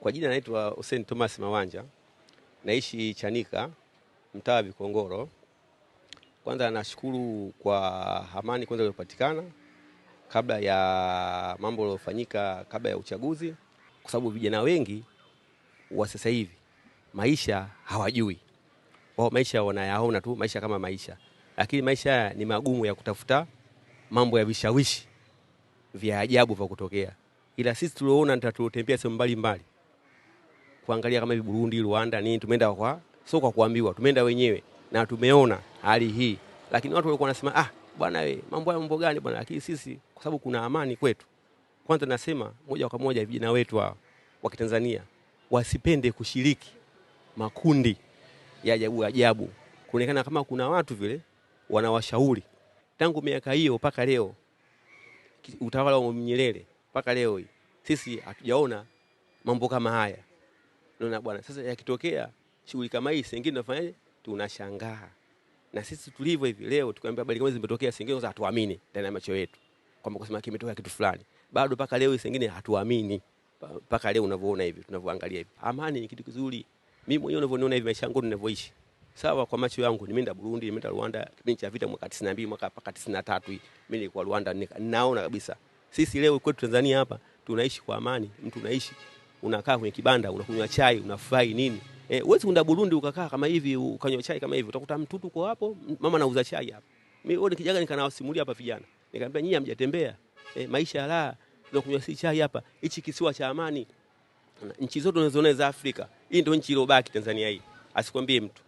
Kwa jina naitwa Hussein Thomas Mawanja, naishi Chanika, mtaa wa Vikongoro. Kwanza nashukuru kwa amani kwanza iliyopatikana kabla ya mambo yaliyofanyika kabla ya uchaguzi, kwa sababu vijana wengi wa sasa hivi maisha hawajui wao, maisha wanayaona tu maisha kama maisha, lakini maisha haya ni magumu ya kutafuta mambo ya vishawishi vya ajabu vya kutokea, ila sisi tulioona ndio tuliotembea sehemu mbalimbali kuangalia kama hivi Burundi, Rwanda nini, tumeenda kwa sio kwa kuambiwa, tumeenda wenyewe na tumeona hali hii, lakini watu walikuwa wanasema ah, bwana wewe, mambo ya mambo gani bwana, lakini sisi kwa sababu kuna amani kwetu. Kwanza nasema moja kwa moja vijana wetu hao wa Kitanzania wasipende kushiriki makundi ya ajabu ajabu, kuonekana kama kuna watu vile wanawashauri. Tangu miaka hiyo mpaka leo, utawala wa Mwalimu Nyerere mpaka leo hii, sisi hatujaona mambo kama haya. Naona bwana, sasa yakitokea shughuli kama hii sengine tunafanyaje? Tunashangaa na sisi tulivyo hivi leo, tukiambia habari kama zimetokea sengine, hatuamini ndani ya macho yetu kwamba kusema kimetokea kitu fulani, bado mpaka leo sengine hatuamini mpaka leo unavyoona hivi, tunavyoangalia hivi. Amani ni kitu kizuri. Mimi mwenyewe unavyoniona hivi, maisha yangu ninavyoishi sawa kwa macho yangu. Nimeenda Burundi, nimeenda Rwanda kipindi cha vita mwaka 92 mwaka mpaka 93 mimi nilikuwa Rwanda, ninaona kabisa. Sisi leo kwetu Tanzania hapa tunaishi kwa amani, mtu unaishi unakaa kwenye kibanda unakunywa chai unafurahi nini eh, uwezi kuenda Burundi ukakaa kama hivi ukanywa chai kama hivi utakuta mtutu kwa hapo mama anauza chai hapo mimi wewe nikijaga nikanawasimulia hapa vijana nikamwambia nyinyi hamjatembea eh, maisha la tunakunywa si chai hapa hichi kisiwa cha amani nchi zote unazoona za Afrika hii ndio nchi iliyobaki Tanzania hii asikwambie mtu